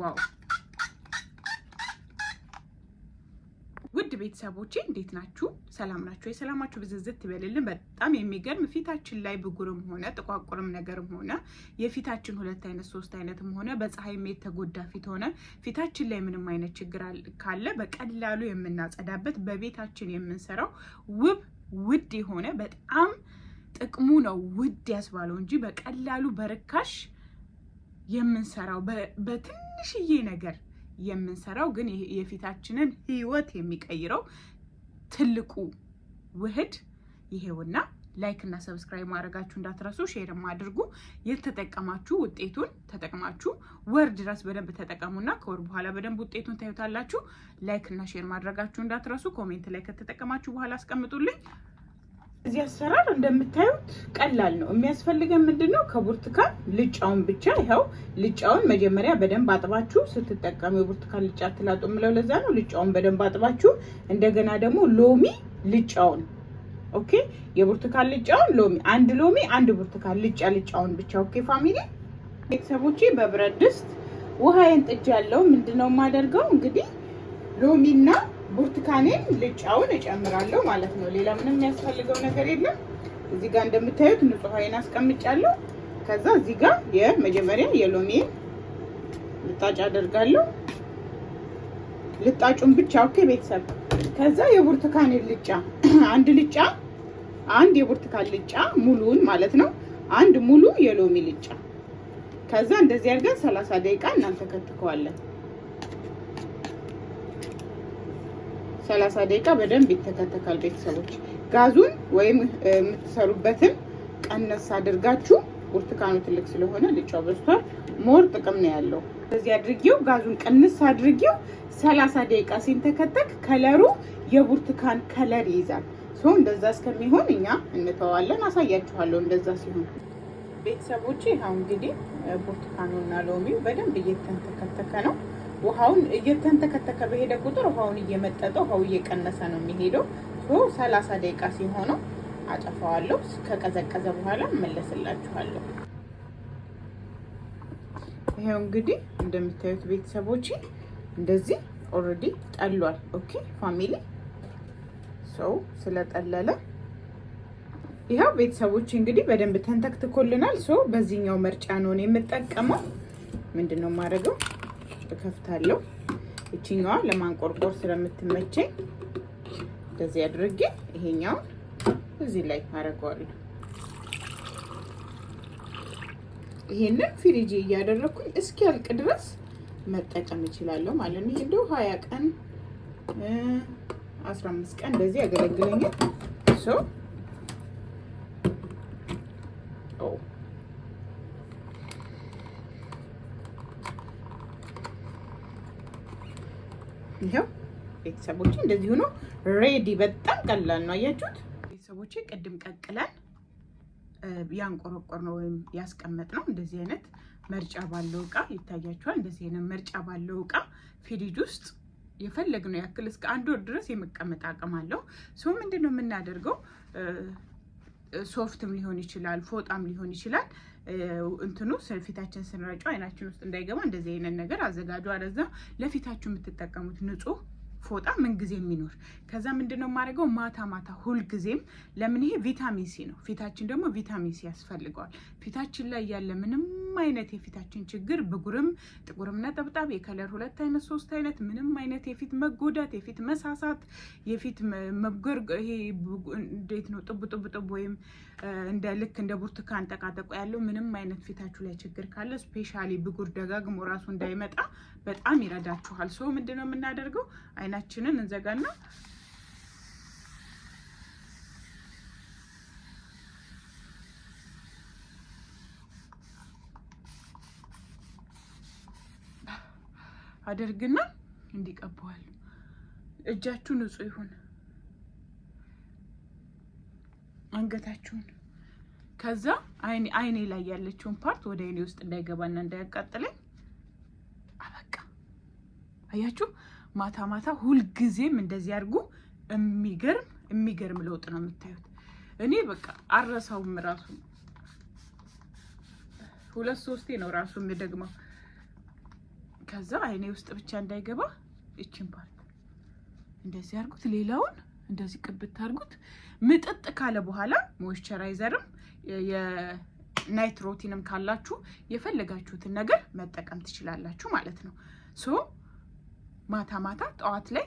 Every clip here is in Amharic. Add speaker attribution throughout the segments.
Speaker 1: ዋው! ውድ ቤተሰቦቼ እንዴት ናችሁ? ሰላም ናችሁ? የሰላማችሁ ብዝዝት ይበልልን። በጣም የሚገርም ፊታችን ላይ ብጉርም ሆነ ጥቋቁርም ነገርም ሆነ የፊታችን ሁለት አይነት ሶስት አይነትም ሆነ በፀሐይም የተጎዳ ፊት ሆነ ፊታችን ላይ ምንም አይነት ችግር ካለ በቀላሉ የምናጸዳበት በቤታችን የምንሰራው ውብ ውድ የሆነ በጣም ጥቅሙ ነው ውድ ያስባለው እንጂ በቀላሉ በርካሽ የምንሰራው በትንሽዬ ነገር የምንሰራው ግን የፊታችንን ህይወት የሚቀይረው ትልቁ ውህድ ይሄውና። ላይክ እና ሰብስክራይብ ማድረጋችሁ እንዳትረሱ፣ ሼርም አድርጉ። የተጠቀማችሁ ውጤቱን ተጠቅማችሁ ወር ድረስ በደንብ ተጠቀሙና ከወር በኋላ በደንብ ውጤቱን ታዩታላችሁ። ላይክ እና ሼር ማድረጋችሁ እንዳትረሱ። ኮሜንት ላይ ከተጠቀማችሁ በኋላ አስቀምጡልኝ። እዚህ አሰራር እንደምታዩት ቀላል ነው። የሚያስፈልገን ምንድን ነው? ከብርቱካን ልጫውን ብቻ ይኸው፣ ልጫውን መጀመሪያ በደንብ አጥባችሁ ስትጠቀሙ የብርቱካን ልጫ ትላጡ የምለው ለዛ ነው። ልጫውን በደንብ አጥባችሁ እንደገና ደግሞ ሎሚ ልጫውን፣ ኦኬ፣ የብርቱካን ልጫውን ሎሚ፣ አንድ ሎሚ፣ አንድ ብርቱካን ልጫ ልጫውን ብቻ። ኦኬ ፋሚሊ ቤተሰቦቼ፣ በብረት ድስት ውሃዬን ያለው ምንድነው የማደርገው እንግዲህ ሎሚና ብርቱካኔን ልጫውን እጨምራለሁ ማለት ነው። ሌላ ምንም የሚያስፈልገው ነገር የለም። እዚህ ጋር እንደምታዩት ንጹህ ወይን አስቀምጫለሁ። ከዛ እዚህ ጋር የመጀመሪያ የሎሚ ልጣጭ አደርጋለሁ። ልጣጩን ብቻ ኦኬ ቤተሰብ። ከዛ የብርቱካኔን ልጫ አንድ ልጫ አንድ የብርቱካን ልጫ ሙሉን ማለት ነው። አንድ ሙሉ የሎሚ ልጫ ከዛ እንደዚህ አድርገን ሰላሳ ደቂቃ እናንተ ከትከዋለን። ሰላሳ ደቂቃ በደንብ ይተከተካል። ቤተሰቦች ጋዙን ወይም የምትሰሩበትን ቀነስ አድርጋችሁ፣ ብርቱካኑ ትልቅ ስለሆነ ልጫው በዝቷል። ሞር ጥቅም ነው ያለው። ስለዚህ አድርጌው ጋዙን ቀንስ አድርጌው ሰላሳ ደቂቃ ሲንተከተክ ከለሩ የብርቱካን ከለር ይይዛል። ሰው እንደዛ እስከሚሆን እኛ እንተዋለን። አሳያችኋለሁ እንደዛ ሲሆን ቤተሰቦች። ይኸው እንግዲህ ብርቱካኑና ሎሚው በደንብ እየተንተከተከ ነው። ውሃውን እየተንተከተከ በሄደ ቁጥር ውሃውን እየመጠጠ ውሃው እየቀነሰ ነው የሚሄደው። ሰላሳ ደቂቃ ሲሆነው አጠፋዋለሁ። ከቀዘቀዘ በኋላ መለስላችኋለሁ። ይሄው እንግዲህ እንደምታዩት ቤተሰቦች እንደዚህ ኦልሬዲ ጠሏል። ኦኬ ፋሚሊ ሰው ስለጠለለ ይኸው ቤተሰቦች እንግዲህ በደንብ ተንተክትኮልናል። ሶ በዚህኛው መርጫ ነውን የምጠቀመው ምንድን ነው የማደርገው እከፍታለሁ። ይችኛዋ ለማንቆርቆር ስለምትመቸኝ እንደዚህ አድርጌ ይሄኛውን እዚህ ላይ አደርገዋለሁ። ይሄንን ፍሪጅ እያደረኩኝ እስኪያልቅ ድረስ መጠቀም እችላለሁ ማለት ነው። ይሄ እንደው 20 ቀን 15 ቀን እንደዚህ ያገለግለኛል። ሶ ይኸው ቤተሰቦቼ እንደዚህ ሆኖ ሬዲ። በጣም ቀላል ነው አያችሁት ቤተሰቦቼ። ቅድም ቀቅለን ያንቆረቆር ነው ወይም ያስቀመጥ ነው እንደዚህ አይነት መርጫ ባለው እቃ ይታያችኋል። እንደዚህ አይነት መርጫ ባለው እቃ ፍሪጅ ውስጥ የፈለግነው ያክል እስከ አንድ ወር ድረስ የመቀመጥ አቅም አለው። ሰው ምንድን ነው የምናደርገው ሶፍትም ሊሆን ይችላል፣ ፎጣም ሊሆን ይችላል። እንትኑ ፊታችን ስንረጨው አይናችን ውስጥ እንዳይገባ እንደዚህ አይነት ነገር አዘጋጁ። አለዛ ለፊታችሁ የምትጠቀሙት ንጹህ ፎጣ ምንጊዜ የሚኖር ከዛ ምንድነው የማደርገው ማታ ማታ ሁልጊዜም ለምን ይሄ ቪታሚን ሲ ነው ፊታችን ደግሞ ቪታሚን ሲ ያስፈልገዋል ፊታችን ላይ ያለ ምንም አይነት የፊታችን ችግር ብጉርም ጥቁርም ነጠብጣብ የከለር ሁለት አይነት ሶስት አይነት ምንም አይነት የፊት መጎዳት የፊት መሳሳት የፊት መጎር ይሄ እንዴት ነው ጥቡ ጥቡ ጥቡ ወይም እንደ ልክ እንደ ብርቱካን ጠቃጠቆ ያለው ምንም አይነት ፊታችሁ ላይ ችግር ካለ ስፔሻሊ ብጉር ደጋግሞ ራሱ እንዳይመጣ በጣም ይረዳችኋል ሰው ምንድነው የምናደርገው አይናችንን እንዘጋና አደርግና እንዲቀባዋል። እጃችሁ ንጹህ ይሁን። አንገታችሁን ከዛ አይኔ ላይ ያለችውን ፓርት ወደ አይኔ ውስጥ እንዳይገባና እንዳያቃጥለኝ አያችሁ፣ ማታ ማታ ሁልጊዜም እንደዚህ አድርጉ። የሚገርም የሚገርም ለውጥ ነው የምታዩት። እኔ በቃ አረሳውም ራሱ ሁለት ሶስቴ ነው ራሱ የሚደግመው። ከዛ አይኔ ውስጥ ብቻ እንዳይገባ ይችን ፓርት እንደዚህ አድርጉት። ሌላውን እንደዚህ ቅብት አድርጉት። ምጥጥ ካለ በኋላ ሞይስቸራይዘርም የናይትሮቲንም ካላችሁ የፈለጋችሁትን ነገር መጠቀም ትችላላችሁ ማለት ነው ሶ ማታ ማታ ጠዋት ላይ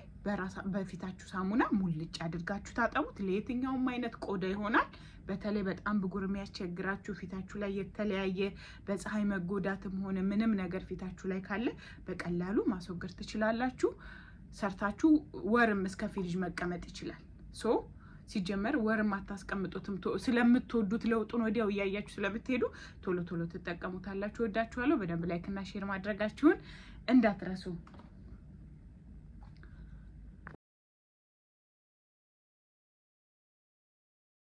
Speaker 1: በፊታችሁ ሳሙና ሙልጭ አድርጋችሁ ታጠቡት። ለየትኛውም አይነት ቆዳ ይሆናል። በተለይ በጣም ብጉር የሚያስቸግራችሁ ፊታችሁ ላይ የተለያየ በፀሐይ መጎዳትም ሆነ ምንም ነገር ፊታችሁ ላይ ካለ በቀላሉ ማስወገድ ትችላላችሁ። ሰርታችሁ ወርም እስከ ፍሪጅ መቀመጥ ይችላል። ሶ ሲጀመር ወርም አታስቀምጡትም። ስለምትወዱት ለውጡን ወዲያው እያያችሁ ስለምትሄዱ ቶሎ ቶሎ ትጠቀሙታላችሁ። ወዳችኋለሁ። በደንብ ላይክና ሼር ማድረጋችሁን እንዳትረሱ።